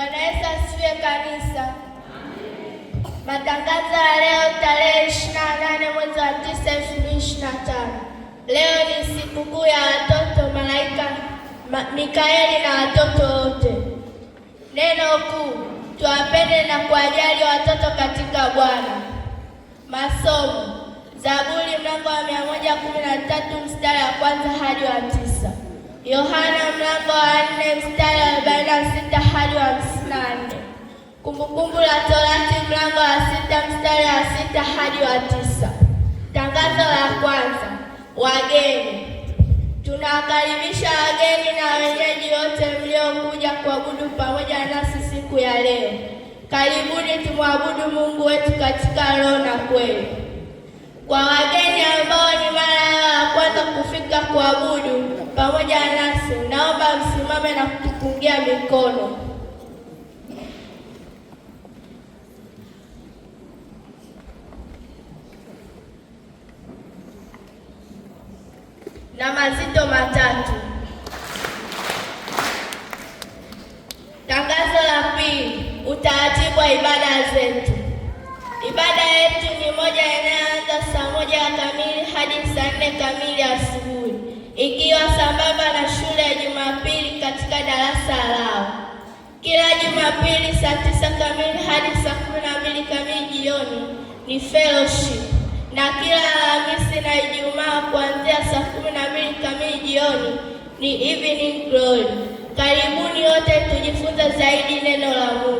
Bwana Yesu asifiwe kanisa. Matangazo ya leo tarehe 28 mwezi wa 9 2025. Leo ni sikukuu ya watoto malaika ma, Mikaeli na watoto wote. Neno kuu, tuwapende na kuwajali watoto katika Bwana. Masomo, Zaburi mlango wa 113 mstari wa kwanza hadi wa tisa. Yohana mlango Kumbukumbu la Torati mlango wa sita mstari wa sita hadi wa tisa. Tangazo la kwanza: wageni. Tunawakaribisha wageni na wenyeji wote mliokuja kuabudu pamoja nasi siku ya leo. Karibuni tumwabudu Mungu wetu katika roho na kweli. Kwa wageni ambao ni mara yao ya kwanza kufika kuabudu pamoja nasi, naomba msimame na kutupungia mikono. na mazito matatu. Tangazo la pili, utaratibu wa ibada zetu. Ibada yetu ni moja inayoanza saa moja kamili hadi saa nne kamili asubuhi, ikiwa sambamba na shule ya Jumapili katika darasa lao. Kila Jumapili saa tisa kamili hadi saa kumi na mbili kamili jioni ni fellowship na kila Alhamisi na Ijumaa milioni ni evening glory. Karibuni wote tujifunze zaidi neno la Mungu.